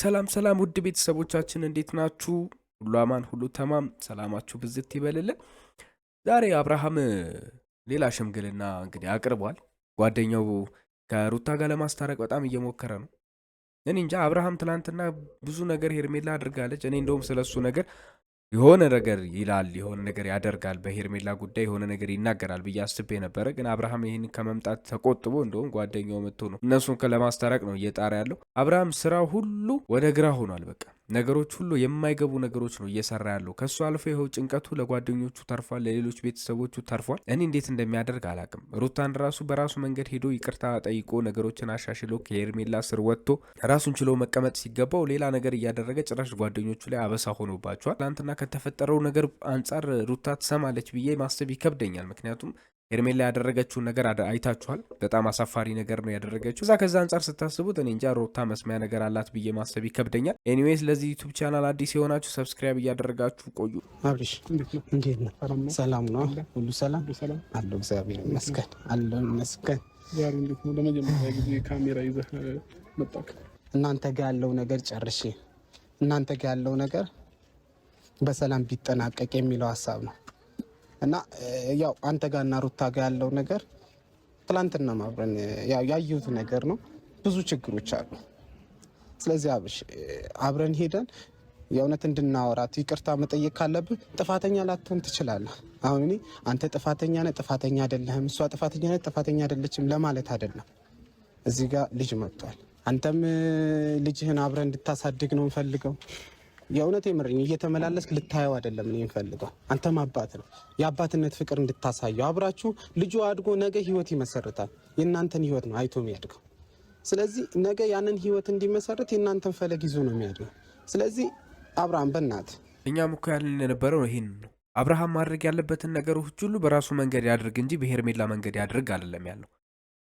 ሰላም ሰላም ውድ ቤተሰቦቻችን እንዴት ናችሁ? ሁሉ አማን፣ ሁሉ ተማም፣ ሰላማችሁ ብዝት ይበልልን። ዛሬ አብርሃም ሌላ ሽምግልና እንግዲህ አቅርቧል። ጓደኛው ከሩታ ጋር ለማስታረቅ በጣም እየሞከረ ነው። እኔ እንጃ አብርሃም ትላንትና ብዙ ነገር ሄርሜላ አድርጋለች። እኔ እንደውም ስለሱ ነገር የሆነ ነገር ይላል፣ የሆነ ነገር ያደርጋል፣ በሄርሜላ ጉዳይ የሆነ ነገር ይናገራል ብዬ አስቤ ነበረ። ግን አብርሃም ይህን ከመምጣት ተቆጥቦ እንደውም ጓደኛው መጥቶ ነው እነሱን ለማስታረቅ ነው እየጣረ ያለው። አብርሃም ስራ ሁሉ ወደ ግራ ሆኗል። በቃ ነገሮች ሁሉ የማይገቡ ነገሮች ነው እየሰራ ያለው። ከእሱ አልፎ ይኸው ጭንቀቱ ለጓደኞቹ ተርፏል፣ ለሌሎች ቤተሰቦቹ ተርፏል። እኔ እንዴት እንደሚያደርግ አላቅም። ሩታን ራሱ በራሱ መንገድ ሄዶ ይቅርታ ጠይቆ ነገሮችን አሻሽሎ ከሄርሜላ ስር ወጥቶ ራሱን ችሎ መቀመጥ ሲገባው ሌላ ነገር እያደረገ ጭራሽ ጓደኞቹ ላይ አበሳ ሆኖባቸዋል። ትናንትና ከተፈጠረው ነገር አንጻር ሩታ ትሰማለች ብዬ ማሰብ ይከብደኛል። ምክንያቱም ሄርሜላ ያደረገችውን ነገር አይታችኋል። በጣም አሳፋሪ ነገር ነው ያደረገችው። እዛ ከዛ አንጻር ስታስቡት እኔ እንጃ ሮታ መስሚያ ነገር አላት ብዬ ማሰብ ይከብደኛል። ኤኒዌይስ ለዚህ ዩቱብ ቻናል አዲስ የሆናችሁ ሰብስክራይብ እያደረጋችሁ ቆዩ። አብሪሽ እንዴት ነው? ሰላም ነው? ሁሉ ሰላም አለው። እግዚአብሔር ይመስገን አለው ይመስገን። ዛሬ እንዴት ነው? ለመጀመሪያ ጊዜ ካሜራ ይዘህ መጣክ። እናንተ ጋ ያለው ነገር ጨርሼ እናንተ ጋ ያለው ነገር በሰላም ቢጠናቀቅ የሚለው ሀሳብ ነው እና ያው አንተ ጋር እና ሩታ ጋር ያለው ነገር ትላንትና ማብረን ያየሁት ነገር ነው። ብዙ ችግሮች አሉ። ስለዚህ አብሽ አብረን ሄደን የእውነት እንድናወራት ይቅርታ መጠየቅ ካለብን ጥፋተኛ ላትሆን ትችላለህ። አሁን እኔ አንተ ጥፋተኛ ነህ፣ ጥፋተኛ አይደለህም፣ እሷ ጥፋተኛ ነህ፣ ጥፋተኛ አይደለችም ለማለት አይደለም። እዚህ ጋር ልጅ መጥቷል። አንተም ልጅህን አብረን እንድታሳድግ ነው እንፈልገው የእውነት የምርኝ እየተመላለስክ ልታየው አይደለም። እኔ የምፈልገው አንተም አባት ነው፣ የአባትነት ፍቅር እንድታሳየው አብራችሁ። ልጁ አድጎ ነገ ህይወት ይመሰርታል። የእናንተን ህይወት ነው አይቶ የሚያድገው። ስለዚህ ነገ ያንን ህይወት እንዲመሰርት የእናንተን ፈለግ ይዞ ነው የሚያድገው። ስለዚህ አብርሃም በእናት እኛም እኮ ያልን የነበረው ይህን ነው። አብርሃም ማድረግ ያለበትን ነገሮች ሁሉ በራሱ መንገድ ያድርግ እንጂ በሄርሜላ መንገድ ያድርግ አይደለም ያለው።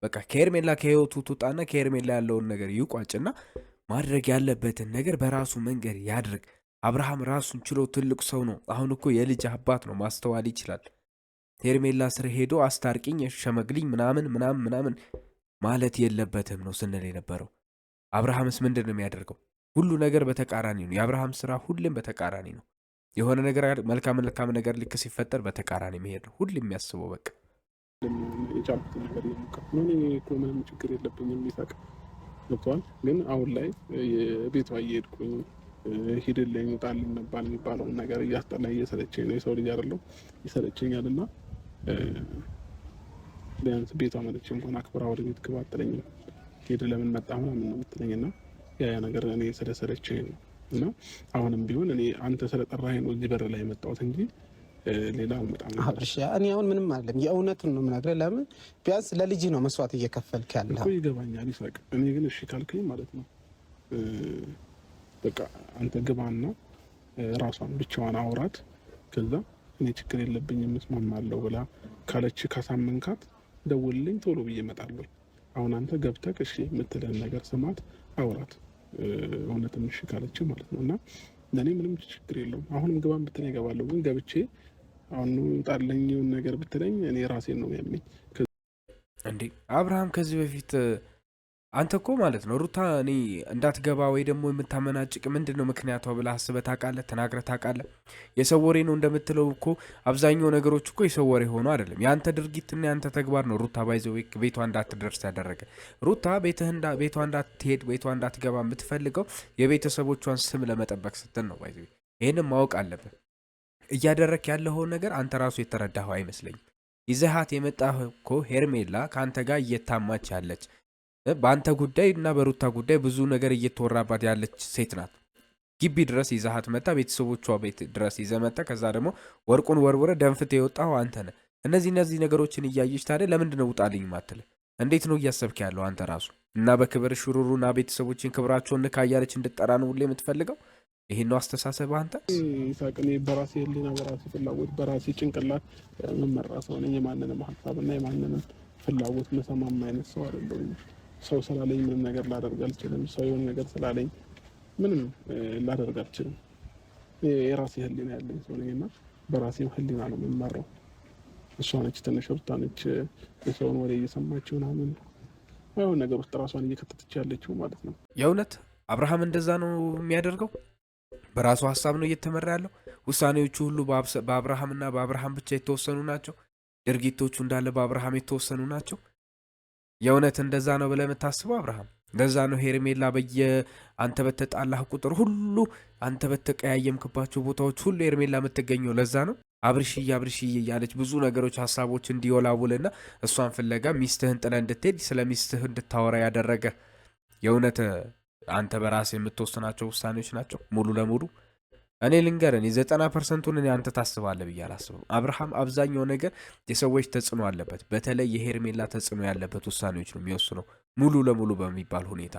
በቃ ከሄርሜላ ከህይወቱ ትውጣና ከሄርሜላ ያለውን ነገር ይቋጭና ማድረግ ያለበትን ነገር በራሱ መንገድ ያድርግ። አብርሃም ራሱን ችሎ ትልቅ ሰው ነው። አሁን እኮ የልጅ አባት ነው፣ ማስተዋል ይችላል። ሄርሜላ ስር ሄዶ አስታርቂኝ፣ ሸመግልኝ፣ ምናምን ምናምን ምናምን ማለት የለበትም ነው ስንል የነበረው። አብርሃምስ ምንድን ነው የሚያደርገው? ሁሉ ነገር በተቃራኒ ነው። የአብርሃም ስራ ሁሌም በተቃራኒ ነው። የሆነ ነገር መልካም መልካም ነገር ልክ ሲፈጠር በተቃራኒ መሄድ ነው ሁሌም የሚያስበው። በቃ የቻልኩት ነገር የሞከርኩ ነው። ምንም ችግር የለብኝም ይሳቅ ልኳል። ግን አሁን ላይ የቤቷ እየሄድኩኝ ሂድን ላይ ይመጣል እንባል የሚባለውን ነገር እያስጠላ እየሰለቸኝ ነው። የሰው ልጅ አይደለሁ ይሰለቸኛል። እና ቢያንስ ቤቷ መጥቼ እንኳን አክብራ ወደ ቤት ግባ አትለኝም። ሄድ ለምን መጣ ምናምን ነው የምትለኝ። እና ያ ነገር እኔ ስለሰለቸኝ ነው። እና አሁንም ቢሆን እኔ አንተ ስለጠራኸኝ ነው እዚህ በር ላይ የመጣሁት እንጂ ሌላው እኔ አሁን ምንም አይደለም፣ የእውነቱን ነው የምናግረው። ለምን ቢያንስ ለልጅ ነው መስዋዕት እየከፈልክ ያለ እኮ ይገባኛል፣ ይሳቅ። እኔ ግን እሺ ካልከኝ ማለት ነው በቃ አንተ ግባና ራሷን ብቻዋን አውራት። ከዛ እኔ ችግር የለብኝም የምስማማለሁ ብላ ካለች ካሳመንካት ደውልልኝ፣ ቶሎ ብዬ እመጣለሁ። አሁን አንተ ገብተህ እሺ የምትለን ነገር ስማት፣ አውራት። እውነትም እሺ ካለች ማለት ነው እና ለእኔ ምንም ችግር የለውም። አሁንም ግባ ብትለኝ እገባለሁ፣ ግን ገብቼ አሁን ጣለኝውን ነገር ብትለኝ እኔ ራሴን ነው ያለኝ። እንዴ አብርሃም ከዚህ በፊት አንተ እኮ ማለት ነው ሩታ እኔ እንዳትገባ ወይ ደግሞ የምታመናጭቅ ምንድን ነው ምክንያቷ ብለህ አስበህ ታውቃለህ? ተናግረህ ታውቃለህ? የሰው ወሬ ነው እንደምትለው እኮ አብዛኛው ነገሮች እኮ የሰው ወሬ ሆኖ አይደለም። የአንተ ድርጊትና የአንተ ተግባር ነው ሩታ ባይዘው ቤቷ እንዳትደርስ ያደረገ። ሩታ ቤቷ እንዳትሄድ ቤቷ እንዳትገባ የምትፈልገው የቤተሰቦቿን ስም ለመጠበቅ ስትል ነው። ባይዘው ይህንም ማወቅ አለብን። እያደረክ ያለኸው ነገር አንተ ራሱ የተረዳኸው አይመስለኝም። ይዘሃት የመጣህ እኮ ሄርሜላ ከአንተ ጋር እየታማች ያለች በአንተ ጉዳይ እና በሩታ ጉዳይ ብዙ ነገር እየተወራባት ያለች ሴት ናት። ግቢ ድረስ ይዘሃት መጣ፣ ቤተሰቦቿ ቤት ድረስ ይዘህ መጣ። ከዛ ደግሞ ወርቁን ወርውረ ደንፍት የወጣው አንተ ነህ። እነዚህ እነዚህ ነገሮችን እያየች ታዲያ ለምንድን ነው ውጣልኝ ማትል? እንዴት ነው እያሰብክ ያለው አንተ ራሱ? እና በክብር ሽሩሩና ቤተሰቦችን ክብራቸውን ካያለች እንድጠራ ነው ሁሌ የምትፈልገው? ይሄን ነው አስተሳሰብ። አንተ ይሳቅ፣ እኔ በራሴ ህሊና፣ በራሴ ፍላጎት፣ በራሴ ጭንቅላት መመራ ሰው ነኝ። የማንንም ሀሳብ እና የማንንም ፍላጎት መሰማማ አይነት ሰው አይደለሁም። ሰው ስላለኝ ምንም ነገር ላደርግ አልችልም። ሰው የሆነ ነገር ስላለኝ ምንም ላደርግ አልችልም። የራሴ ህሊና ያለኝ ሰው ነኝ እና በራሴም ህሊና ነው የምመራው። እሷ ነች ትንሽ ሩታ ነች የሰውን ወሬ እየሰማች ምናምን የሆነ ነገር ውስጥ ራሷን እየከተተች ያለችው ማለት ነው። የእውነት አብርሃም እንደዛ ነው የሚያደርገው። በራሱ ሀሳብ ነው እየተመራ ያለው። ውሳኔዎቹ ሁሉ በአብርሃምና በአብርሃም ብቻ የተወሰኑ ናቸው። ድርጊቶቹ እንዳለ በአብርሃም የተወሰኑ ናቸው። የእውነት እንደዛ ነው ብለህ የምታስበው አብርሃም እንደዛ ነው። ሄርሜላ በየ አንተ በተጣላህ ቁጥር ሁሉ አንተ በተቀያየምክባቸው ቦታዎች ሁሉ ሄርሜላ የምትገኘው ለዛ ነው። አብርሽዬ አብርሽዬ እያለች ብዙ ነገሮች ሀሳቦች እንዲወላውልና እሷን ፍለጋ ሚስትህን ጥለ እንድትሄድ ስለ ሚስትህ እንድታወራ ያደረገ የእውነት አንተ በራስህ የምትወስናቸው ውሳኔዎች ናቸው ሙሉ ለሙሉ እኔ ልንገርን የዘጠና ፐርሰንቱን እኔ አንተ ታስባለህ ብዬ አላስብም። አብርሃም አብዛኛው ነገር የሰዎች ተጽዕኖ አለበት። በተለይ የሄርሜላ ተጽዕኖ ያለበት ውሳኔዎች ነው የሚወስነው ሙሉ ለሙሉ በሚባል ሁኔታ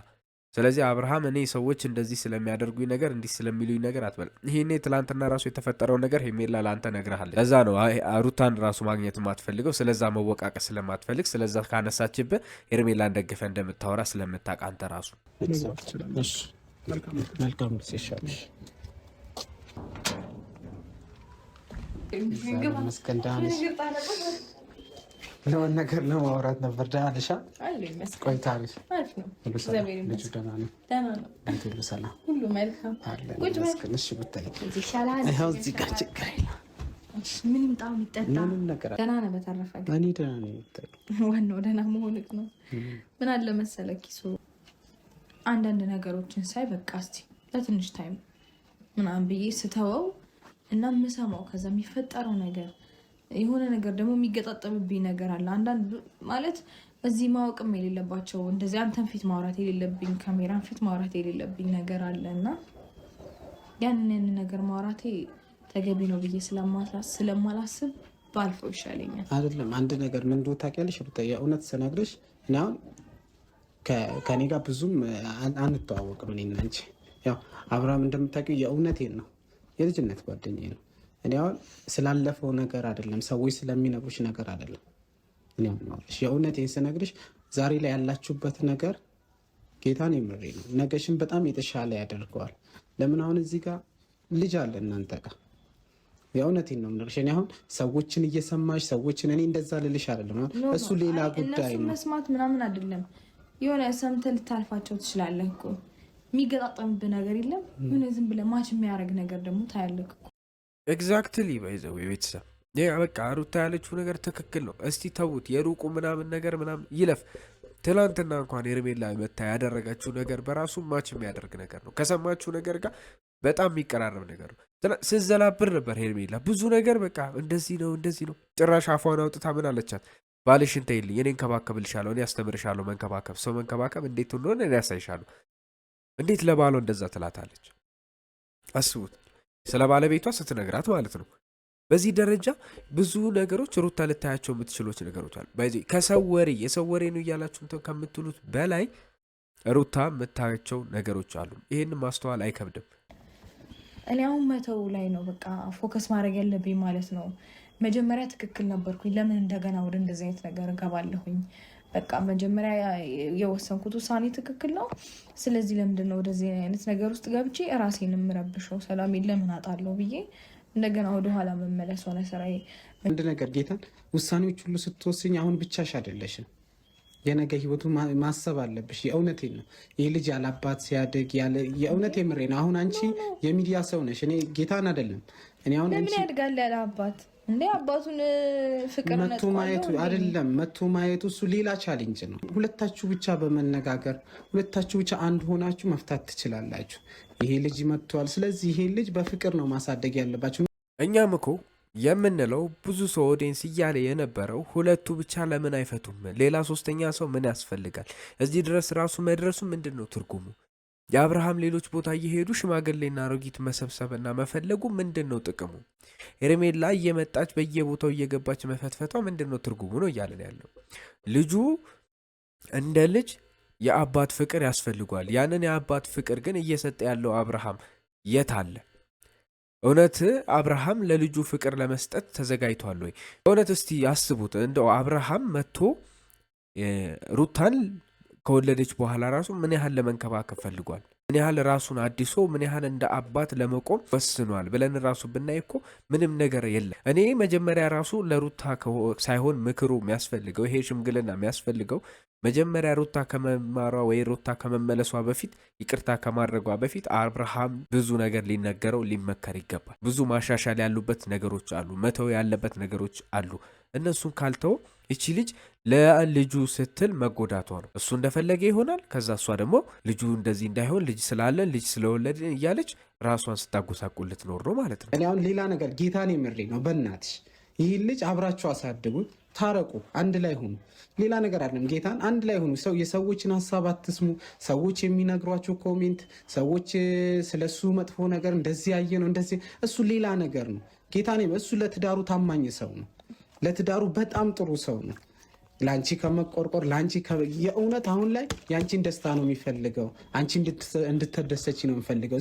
ስለዚህ አብርሃም እኔ ሰዎች እንደዚህ ስለሚያደርጉኝ ነገር እንዲህ ስለሚሉኝ ነገር አትበል። ይህኔ ትላንትና ራሱ የተፈጠረው ነገር ሄሜላ ለአንተ ነግረሃለች። ለዛ ነው ሩታን ራሱ ማግኘት የማትፈልገው፣ ስለዛ መወቃቀስ ስለማትፈልግ፣ ስለዛ ካነሳችብ ሄርሜላን ደግፈ እንደምታወራ ስለምታውቅ አንተ ራሱ መልካም ለሆን ነገር ለማውራት ነበር። ደህና ነሽ? ቆይታ ዋናው ደህና መሆንክ ነው። ምን አለ መሰለህ ኪሶ አንዳንድ ነገሮችን ሳይ በቃ እስኪ ለትንሽ ታይም ምናምን ብዬ ስተወው እና የምሰማው ከዛ የሚፈጠረው ነገር የሆነ ነገር ደግሞ የሚገጣጠምብኝ ነገር አለ። አንዳንድ ማለት እዚህ ማወቅም የሌለባቸው እንደዚህ አንተን ፊት ማውራት የሌለብኝ ካሜራን ፊት ማውራት የሌለብኝ ነገር አለ እና ያንን ነገር ማውራቴ ተገቢ ነው ብዬ ስለማላስብ ባልፈው ይሻለኛል። አይደለም አንድ ነገር ምንድ ታውቂያለሽ? የእውነት ስነግርሽ እኔ አሁን ከኔ ጋር ብዙም አንተዋወቅም እኔና አንቺ። ያው አብርሃም እንደምታውቂው የእውነቴን ነው የልጅነት ጓደኛዬ ነው እኔ አሁን ስላለፈው ነገር አይደለም፣ ሰዎች ስለሚነግሩሽ ነገር አይደለም። እኔ የእውነቴን ስነግርሽ ዛሬ ላይ ያላችሁበት ነገር ጌታን የምሬ ነው፣ ነገሽን በጣም የተሻለ ያደርገዋል። ለምን አሁን እዚህ ጋር ልጅ አለ እናንተ ጋር የእውነቴን ነው የምነግርሽ። እኔ አሁን ሰዎችን እየሰማሽ ሰዎችን እኔ እንደዛ ልልሽ አይደለም። እሱ ሌላ ጉዳይ ነው። መስማት ምናምን አይደለም። የሆነ ሰምተህ ልታልፋቸው ትችላለህ እኮ የሚገጣጠምብህ ነገር የለም። ምን ዝም ብለህ ማች የሚያደርግ ነገር ደግሞ ታያለህ እኮ ኤግዛክትሊ ባይዘው የቤተሰብ በቃ ሩታ ያለችው ነገር ትክክል ነው። እስቲ ተዉት፣ የሩቁ ምናምን ነገር ምናምን ይለፍ። ትናንትና እንኳን ሄርሜላ መታ ያደረገችው ነገር በራሱ ማች የሚያደርግ ነገር ነው። ከሰማችሁ ነገር ጋር በጣም የሚቀራረብ ነገር ነው። ስዘላብር ነበር ሄርሜላ ብዙ ነገር በቃ እንደዚህ ነው እንደዚህ ነው። ጭራሽ አፏን አውጥታ ምን አለቻት? ባልሽን ተይልኝ፣ እኔ እንከባከብልሻለሁ፣ እኔ ያስተምርሻለሁ መንከባከብ። ሰው መንከባከብ እንዴት እንደሆነ እኔ ያሳይሻለሁ። እንዴት ለባሏ እንደዛ ትላታለች? አስቡት። ስለ ባለቤቷ ስትነግራት ማለት ነው። በዚህ ደረጃ ብዙ ነገሮች ሩታ ልታያቸው የምትችሎች ነገሮች አሉ። በዚህ ከሰው ወሬ የሰው ወሬ ነው እያላችሁ ከምትሉት በላይ ሩታ የምታያቸው ነገሮች አሉ። ይህን ማስተዋል አይከብድም። እኔ አሁን መተው ላይ ነው በቃ ፎከስ ማድረግ ያለብኝ ማለት ነው። መጀመሪያ ትክክል ነበርኩኝ። ለምን እንደገና ወደ እንደዚህ አይነት ነገር እገባለሁኝ? በቃ መጀመሪያ የወሰንኩት ውሳኔ ትክክል ነው። ስለዚህ ለምንድን ነው ወደዚህ አይነት ነገር ውስጥ ገብቼ ራሴን የምረብሸው? ሰላም ለምን አጣለው ብዬ እንደገና ወደኋላ መመለስ ሆነ ስራዬ። አንድ ነገር ጌታን ውሳኔዎች ሁሉ ስትወስኝ አሁን ብቻሽ አይደለሽም፣ የነገ ህይወቱ ማሰብ አለብሽ። የእውነቴን ነው። ይህ ልጅ ያላባት ሲያድግ የእውነት የምሬ ነው። አሁን አንቺ የሚዲያ ሰው ነሽ፣ እኔ ጌታን አይደለም። እኔ አሁን ለምን ያድጋል ያለ አባት እንዴ አባቱን ፍቅር መቶ ማየቱ አይደለም፣ መቶ ማየቱ እሱ ሌላ ቻሌንጅ ነው። ሁለታችሁ ብቻ በመነጋገር ሁለታችሁ ብቻ አንድ ሆናችሁ መፍታት ትችላላችሁ። ይሄ ልጅ መጥቷል፣ ስለዚህ ይሄ ልጅ በፍቅር ነው ማሳደግ ያለባችሁ። እኛም እኮ የምንለው ብዙ ሰው ኦዲንስ እያለ የነበረው ሁለቱ ብቻ ለምን አይፈቱም? ሌላ ሶስተኛ ሰው ምን ያስፈልጋል? እዚህ ድረስ ራሱ መድረሱ ምንድን ነው ትርጉሙ? የአብርሃም ሌሎች ቦታ እየሄዱ ሽማግሌና አሮጊት መሰብሰብና መፈለጉ ምንድን ነው ጥቅሙ? ሄርሜላ እየመጣች በየቦታው እየገባች መፈትፈቷ ምንድን ነው ትርጉሙ? ነው እያለን ያለው ልጁ እንደ ልጅ የአባት ፍቅር ያስፈልጓል። ያንን የአባት ፍቅር ግን እየሰጠ ያለው አብርሃም የት አለ? እውነት አብርሃም ለልጁ ፍቅር ለመስጠት ተዘጋጅቷል ወይ? እውነት እስቲ አስቡት፣ እንደው አብርሃም መጥቶ ሩታን ከወለደች በኋላ ራሱ ምን ያህል ለመንከባከብ ፈልጓል፣ ምን ያህል ራሱን አዲሶ ምን ያህል እንደ አባት ለመቆም ወስኗል ብለን ራሱ ብናይ እኮ ምንም ነገር የለም። እኔ መጀመሪያ ራሱ ለሩታ ሳይሆን ምክሩ የሚያስፈልገው ይሄ ሽምግልና የሚያስፈልገው መጀመሪያ ሩታ ከመማሯ ወይ ሩታ ከመመለሷ በፊት ይቅርታ ከማድረጓ በፊት አብርሃም ብዙ ነገር ሊነገረው ሊመከር ይገባል። ብዙ ማሻሻል ያሉበት ነገሮች አሉ፣ መተው ያለበት ነገሮች አሉ። እነሱን ካልተው እቺ ልጅ ለልጁ ስትል መጎዳቷ ነው። እሱ እንደፈለገ ይሆናል። ከዛ እሷ ደግሞ ልጁ እንደዚህ እንዳይሆን ልጅ ስላለን ልጅ ስለወለድን እያለች ራሷን ስታጎሳቁል ልትኖር ነው ማለት ነው። እኔ አሁን ሌላ ነገር ጌታን የምሬ ነው። በእናትሽ ይህን ልጅ አብራችሁ አሳድጉት፣ ታረቁ፣ አንድ ላይ ሁኑ። ሌላ ነገር አለም ጌታን አንድ ላይ ሁኑ። ሰው የሰዎችን ሀሳብ አትስሙ። ሰዎች የሚነግሯቸው ኮሜንት፣ ሰዎች ስለ እሱ መጥፎ ነገር እንደዚህ ያየ ነው እንደዚህ፣ እሱ ሌላ ነገር ነው። ጌታን እሱ ለትዳሩ ታማኝ ሰው ነው። ለትዳሩ በጣም ጥሩ ሰው ነው። ለአንቺ ከመቆርቆር ለአንቺ የእውነት አሁን ላይ የአንቺን ደስታ ነው የሚፈልገው። አንቺ እንድትደሰች ነው የሚፈልገው።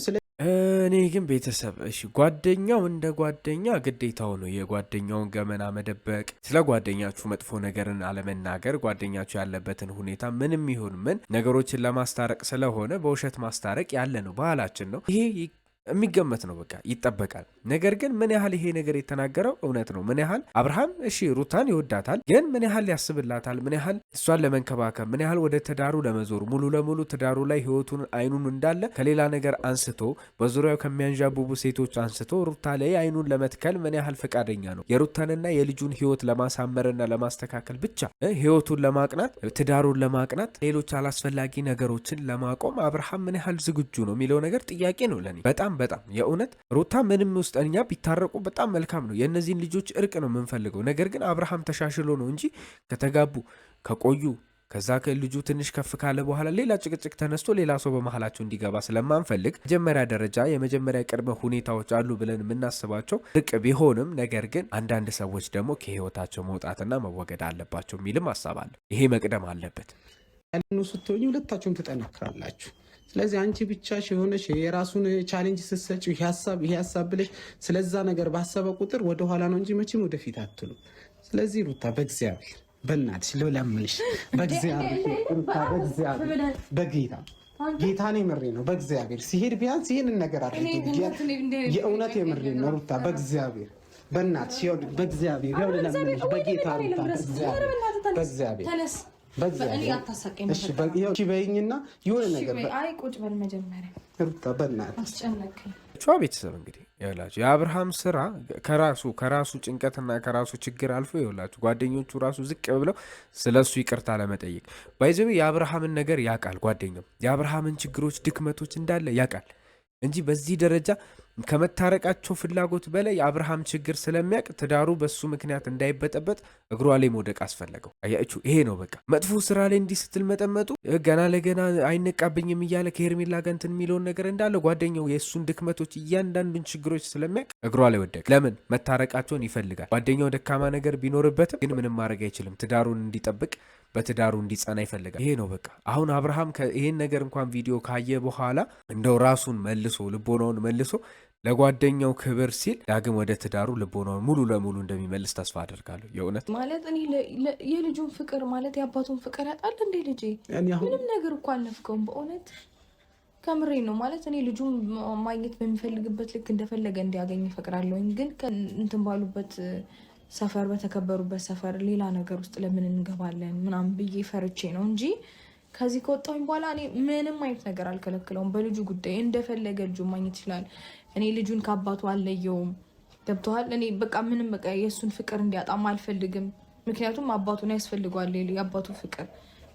እኔ ግን ቤተሰብ እሺ፣ ጓደኛው እንደ ጓደኛ ግዴታው ነው የጓደኛውን ገመና መደበቅ፣ ስለ ጓደኛችሁ መጥፎ ነገርን አለመናገር፣ ጓደኛችሁ ያለበትን ሁኔታ ምንም ይሁን ምን ነገሮችን ለማስታረቅ ስለሆነ በውሸት ማስታረቅ ያለ ነው ባህላችን ነው ይሄ የሚገመት ነው፣ በቃ ይጠበቃል። ነገር ግን ምን ያህል ይሄ ነገር የተናገረው እውነት ነው፣ ምን ያህል አብርሃም እሺ ሩታን ይወዳታል፣ ግን ምን ያህል ያስብላታል፣ ምን ያህል እሷን ለመንከባከብ፣ ምን ያህል ወደ ትዳሩ ለመዞር ሙሉ ለሙሉ ትዳሩ ላይ ህይወቱን አይኑን እንዳለ ከሌላ ነገር አንስቶ በዙሪያው ከሚያንዣብቡ ሴቶች አንስቶ ሩታ ላይ አይኑን ለመትከል ምን ያህል ፈቃደኛ ነው? የሩታንና የልጁን ህይወት ለማሳመርና ለማስተካከል ብቻ ህይወቱን ለማቅናት ትዳሩን ለማቅናት ሌሎች አላስፈላጊ ነገሮችን ለማቆም አብርሃም ምን ያህል ዝግጁ ነው የሚለው ነገር ጥያቄ ነው ለኔ በጣም በጣም በጣም የእውነት ሩታ ምንም ውስጥ እኛ ቢታረቁ በጣም መልካም ነው። የእነዚህን ልጆች እርቅ ነው የምንፈልገው። ነገር ግን አብርሃም ተሻሽሎ ነው እንጂ ከተጋቡ ከቆዩ ከዛ ከልጁ ትንሽ ከፍ ካለ በኋላ ሌላ ጭቅጭቅ ተነስቶ ሌላ ሰው በመሀላቸው እንዲገባ ስለማንፈልግ መጀመሪያ ደረጃ የመጀመሪያ ቅድመ ሁኔታዎች አሉ ብለን የምናስባቸው እርቅ ቢሆንም ነገር ግን አንዳንድ ሰዎች ደግሞ ከህይወታቸው መውጣትና መወገድ አለባቸው የሚልም ሀሳብ አለ። ይሄ መቅደም አለበት። ስትሆኝ ሁለታችሁም ትጠናክራላችሁ ስለዚህ አንቺ ብቻሽ የሆነሽ የራሱን ቻሌንጅ ስትሰጪው ይሄ ሀሳብ ብለሽ ስለዛ ነገር ባሰበ ቁጥር ወደኋላ ነው እንጂ መቼም ወደፊት አትሉ። ስለዚህ ሩታ በእግዚአብሔር በእናትሽ ልለምንሽ፣ በጌታ ጌታ ነው የምሬ ነው። በእግዚአብሔር ሲሄድ ቢያንስ ይህንን ነገር አድርጌ የእውነት የምሬ ነው። ሩታ በእግዚአብሔር በእናትሽ፣ በእግዚአብሔር በጌታ ሩታ፣ በእግዚአብሔር በይኝና የሆነ ነገር ቁጭ በል ቤተሰብ እንግዲህ ይኸውላችሁ የአብርሃም ስራ ከራሱ ከራሱ ጭንቀትና ከራሱ ችግር አልፎ ይኸውላችሁ ጓደኞቹ ራሱ ዝቅ ብለው ስለ እሱ ይቅርታ ለመጠየቅ ባይዘ የአብርሃምን ነገር ያውቃል። ጓደኛው የአብርሃምን ችግሮች፣ ድክመቶች እንዳለ ያውቃል እንጂ በዚህ ደረጃ ከመታረቃቸው ፍላጎት በላይ አብርሃም ችግር ስለሚያውቅ ትዳሩ በሱ ምክንያት እንዳይበጠበጥ እግሯ ላይ መውደቅ አስፈለገው። አያችሁ፣ ይሄ ነው በቃ መጥፎ ስራ ላይ እንዲህ ስትል መጠመጡ ገና ለገና አይነቃብኝም እያለ ከሄርሜላ ጋር እንትን የሚለውን ነገር እንዳለ ጓደኛው የእሱን ድክመቶች፣ እያንዳንዱን ችግሮች ስለሚያውቅ እግሯ ላይ ወደቅ። ለምን መታረቃቸውን ይፈልጋል። ጓደኛው ደካማ ነገር ቢኖርበትም ግን ምንም ማድረግ አይችልም። ትዳሩን እንዲጠብቅ በትዳሩ እንዲጸና ይፈልጋል። ይሄ ነው በቃ። አሁን አብርሃም ይሄን ነገር እንኳን ቪዲዮ ካየ በኋላ እንደው ራሱን መልሶ ልቦናውን መልሶ ለጓደኛው ክብር ሲል ዳግም ወደ ትዳሩ ልቦናውን ሙሉ ለሙሉ እንደሚመልስ ተስፋ አደርጋለሁ። የእውነት ማለት እኔ የልጁን ፍቅር ማለት የአባቱን ፍቅር ያጣል እንዴ? ልጄ ምንም ነገር እኮ አልነፍገውም በእውነት ከምሬ ነው። ማለት እኔ ልጁን ማግኘት በሚፈልግበት ልክ እንደፈለገ እንዲያገኝ እፈቅዳለሁኝ። ግን እንትን ባሉበት ሰፈር በተከበሩበት ሰፈር ሌላ ነገር ውስጥ ለምን እንገባለን ምናምን ብዬ ፈርቼ ነው እንጂ ከዚህ ከወጣሁኝ በኋላ እኔ ምንም አይነት ነገር አልከለክለውም። በልጁ ጉዳይ እንደፈለገ ልጁ ማግኘት ይችላል። እኔ ልጁን ከአባቱ አለየውም ገብተዋል። እኔ በቃ ምንም በቃ የእሱን ፍቅር እንዲያጣም አልፈልግም። ምክንያቱም አባቱን ያስፈልገዋል የአባቱ ፍቅር።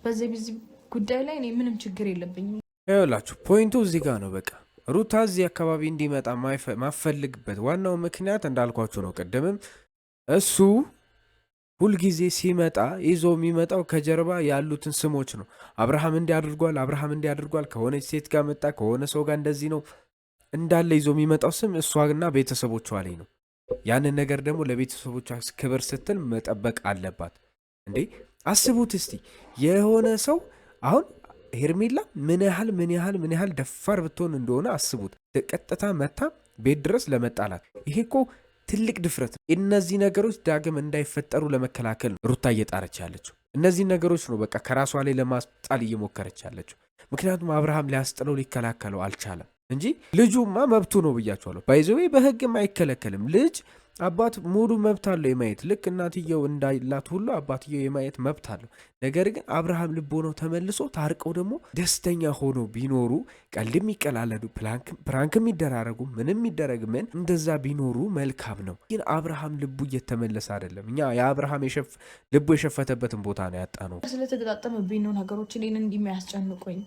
በዚህ በዚህ ጉዳይ ላይ እኔ ምንም ችግር የለብኝም። ይኸውላችሁ ፖይንቱ እዚህ ጋር ነው። በቃ ሩታ እዚህ አካባቢ እንዲመጣ ማፈልግበት ዋናው ምክንያት እንዳልኳችሁ ነው። ቅድምም እሱ ሁልጊዜ ሲመጣ ይዞ የሚመጣው ከጀርባ ያሉትን ስሞች ነው። አብርሃም እንዲያድርጓል፣ አብርሃም እንዲያድርጓል፣ ከሆነች ሴት ጋር መጣ፣ ከሆነ ሰው ጋር እንደዚህ ነው እንዳለ ይዞ የሚመጣው ስም እሷና ቤተሰቦቿ ላይ ነው። ያንን ነገር ደግሞ ለቤተሰቦቿ ክብር ስትል መጠበቅ አለባት። እንዴ አስቡት እስቲ የሆነ ሰው አሁን ሄርሜላ ምን ያህል ምን ያህል ምን ያህል ደፋር ብትሆን እንደሆነ አስቡት። ቀጥታ መታ ቤት ድረስ ለመጣላት ይሄ እኮ ትልቅ ድፍረት ነው። እነዚህ ነገሮች ዳግም እንዳይፈጠሩ ለመከላከል ነው ሩታ እየጣረች ያለችው። እነዚህ ነገሮች ነው በቃ ከራሷ ላይ ለማስጣል እየሞከረች ያለችው። ምክንያቱም አብርሃም ሊያስጥለው ሊከላከለው አልቻለም። እንጂ ልጁማ መብቱ ነው ብያቸዋለሁ። ባይዘዌ በህግም አይከለከልም። ልጅ አባት ሙሉ መብት አለው የማየት ልክ እናትየው እንዳላት ሁሉ አባትየው የማየት መብት አለው። ነገር ግን አብርሃም ልቦ ነው ተመልሶ ታርቀው ደግሞ ደስተኛ ሆኖ ቢኖሩ ቀልድ የሚቀላለዱ ፕራንክ የሚደራረጉ ምንም የሚደረግ ምን እንደዛ ቢኖሩ መልካም ነው። ግን አብርሃም ልቡ እየተመለሰ አይደለም። እኛ የአብርሃም ልቡ የሸፈተበትን ቦታ ነው ያጣ ነው። ስለተገጣጠመብኝ ነው ነገሮችን እንዲህ የሚያስጨንቁኝ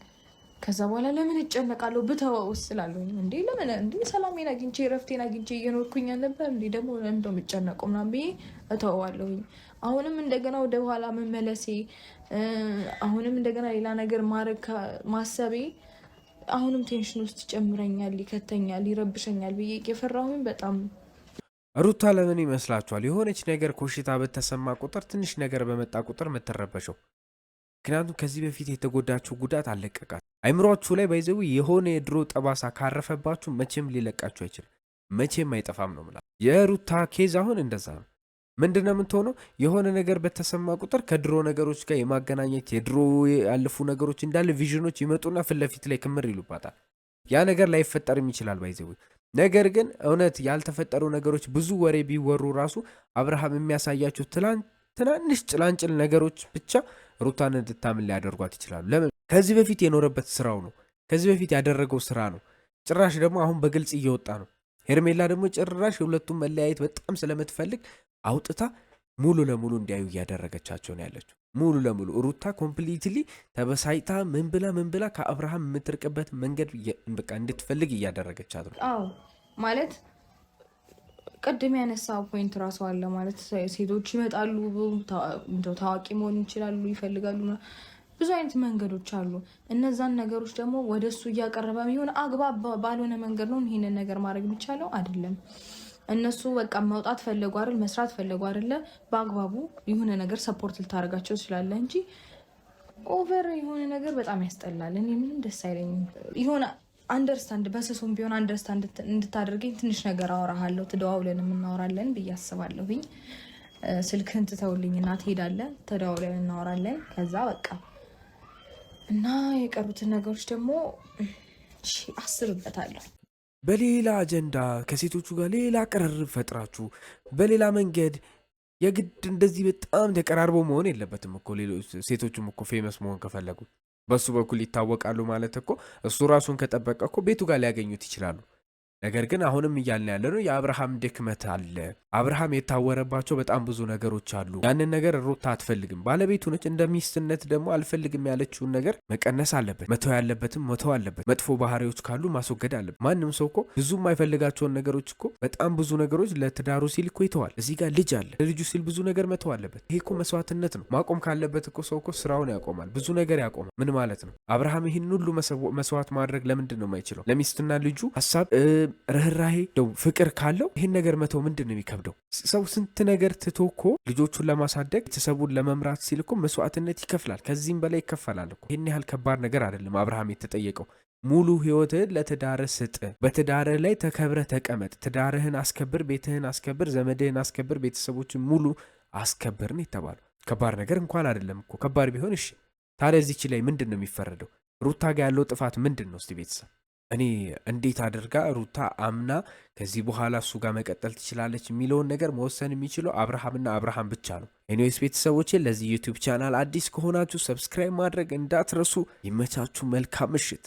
ከዛ በኋላ ለምን እጨነቃለሁ ብተወውስ እላለሁ። እንዴ ለምን እንዴ ሰላሜን አግኝቼ ረፍቴን አግኝቼ እየኖርኩኝ ነበር እንዴ ደግሞ ለምንድነው የምጨነቀው ምናምን ብዬ እተወዋለሁኝ። አሁንም እንደገና ወደ በኋላ መመለሴ አሁንም እንደገና ሌላ ነገር ማድረግ ማሰቤ አሁንም ቴንሽን ውስጥ ይጨምረኛል፣ ይከተኛል፣ ይረብሸኛል ብዬ የፈራሁኝ በጣም ሩታ ለምን ይመስላችኋል? የሆነች ነገር ኮሽታ በተሰማ ቁጥር ትንሽ ነገር በመጣ ቁጥር የምትረበሸው ምክንያቱም ከዚህ በፊት የተጎዳችሁ ጉዳት አልለቀቃት። አይምሯችሁ ላይ ባይዘዊ የሆነ የድሮ ጠባሳ ካረፈባችሁ መቼም ሊለቃችሁ አይችልም፣ መቼም አይጠፋም ነው ምላ። የሩታ ኬዝ አሁን እንደዛ ነው። ምንድን ነው የምትሆነው? የሆነ ነገር በተሰማ ቁጥር ከድሮ ነገሮች ጋር የማገናኘት የድሮ ያለፉ ነገሮች እንዳለ ቪዥኖች ይመጡና ፊት ለፊት ላይ ክምር ይሉባታል። ያ ነገር ላይፈጠርም ይችላል ባይዘዊ ነገር ግን እውነት ያልተፈጠሩ ነገሮች ብዙ ወሬ ቢወሩ ራሱ አብርሃም የሚያሳያቸው ትናንሽ ጭላንጭል ነገሮች ብቻ ሩታን እንድታምን ሊያደርጓት ይችላሉ። ለምን? ከዚህ በፊት የኖረበት ስራው ነው። ከዚህ በፊት ያደረገው ስራ ነው። ጭራሽ ደግሞ አሁን በግልጽ እየወጣ ነው። ሄርሜላ ደግሞ ጭራሽ የሁለቱም መለያየት በጣም ስለምትፈልግ አውጥታ ሙሉ ለሙሉ እንዲያዩ እያደረገቻቸው ነው ያለችው። ሙሉ ለሙሉ ሩታ ኮምፕሊትሊ ተበሳጭታ ምን ብላ ምን ብላ ከአብርሃም የምትርቅበት መንገድ በቃ እንድትፈልግ እያደረገቻት ነው ማለት ቅድም ያነሳ ፖይንት ራሱ አለ ማለት ሴቶች ይመጣሉ፣ ታዋቂ መሆን ይችላሉ፣ ይፈልጋሉ። ብዙ አይነት መንገዶች አሉ። እነዛን ነገሮች ደግሞ ወደ እሱ እያቀረበ የሚሆን አግባብ ባልሆነ መንገድ ነው ይሄንን ነገር ማድረግ የሚቻለው አይደለም። እነሱ በቃ መውጣት ፈለጉ አይደል፣ መስራት ፈለጉ አይደለ፣ በአግባቡ የሆነ ነገር ሰፖርት ልታደርጋቸው ስላለ እንጂ ኦቨር የሆነ ነገር በጣም ያስጠላል። እኔ ምንም ደስ አይለኝም የሆነ አንደርስታንድ በስሱም ቢሆን አንደርስታንድ እንድታደርገኝ ትንሽ ነገር አወራሃለሁ፣ ትደዋውለን እናወራለን ብዬ አስባለሁኝ። ስልክህን ትተውልኝ እና ትሄዳለህ፣ ተደዋውለን እናወራለን። ከዛ በቃ እና የቀሩትን ነገሮች ደግሞ አስብበታለሁ። በሌላ አጀንዳ ከሴቶቹ ጋር ሌላ ቅርርብ ፈጥራችሁ በሌላ መንገድ የግድ እንደዚህ በጣም ተቀራርቦ መሆን የለበትም እኮ ሴቶቹም እኮ ፌመስ መሆን ከፈለጉ በሱ በኩል ይታወቃሉ ማለት እኮ እሱ ራሱን ከጠበቀ እኮ ቤቱ ጋር ሊያገኙት ይችላሉ። ነገር ግን አሁንም እያልን ያለ ነው የአብርሃም ድክመት አለ። አብርሃም የታወረባቸው በጣም ብዙ ነገሮች አሉ። ያንን ነገር ሩታ አትፈልግም። ባለቤቱ ነች። እንደ ሚስትነት ደግሞ አልፈልግም ያለችውን ነገር መቀነስ አለበት። መተው ያለበትም መተው አለበት። መጥፎ ባህሪዎች ካሉ ማስወገድ አለበት። ማንም ሰው እኮ ብዙ የማይፈልጋቸውን ነገሮች እኮ በጣም ብዙ ነገሮች ለትዳሩ ሲል እኮ ይተዋል። እዚህ ጋር ልጅ አለ። ለልጁ ሲል ብዙ ነገር መተው አለበት። ይሄ እኮ መስዋዕትነት ነው። ማቆም ካለበት እኮ ሰው እኮ ስራውን ያቆማል። ብዙ ነገር ያቆማል። ምን ማለት ነው? አብርሃም ይህን ሁሉ መስዋዕት ማድረግ ለምንድን ነው የማይችለው? ለሚስትና ልጁ ሀሳብ ግን ርኅራሄ ደው ፍቅር ካለው ይህን ነገር መቶ ምንድን ነው የሚከብደው? ሰው ስንት ነገር ትቶ እኮ ልጆቹን ለማሳደግ ቤተሰቡን ለመምራት ሲል እኮ መስዋዕትነት ይከፍላል። ከዚህም በላይ ይከፈላል እኮ። ይህን ያህል ከባድ ነገር አይደለም። አብርሃም የተጠየቀው ሙሉ ህይወትህን ለትዳርህ ስጥ፣ በትዳርህ ላይ ተከብረህ ተቀመጥ፣ ትዳርህን አስከብር፣ ቤትህን አስከብር፣ ዘመድህን አስከብር፣ ቤተሰቦችን ሙሉ አስከብር ነው የተባለው። ከባድ ነገር እንኳን አይደለም እኮ። ከባድ ቢሆን እሺ። ታዲያ እዚች ላይ ምንድን ነው የሚፈረደው? ሩታ ጋ ያለው ጥፋት ምንድን ነው? እስቲ ቤተሰብ እኔ እንዴት አድርጋ ሩታ አምና ከዚህ በኋላ እሱ ጋር መቀጠል ትችላለች የሚለውን ነገር መወሰን የሚችለው አብርሃምና አብርሃም ብቻ ነው። ኤኒዌይስ ቤተሰቦቼ ለዚህ ዩቲዩብ ቻናል አዲስ ከሆናችሁ ሰብስክራይብ ማድረግ እንዳትረሱ። ይመቻችሁ። መልካም ምሽት።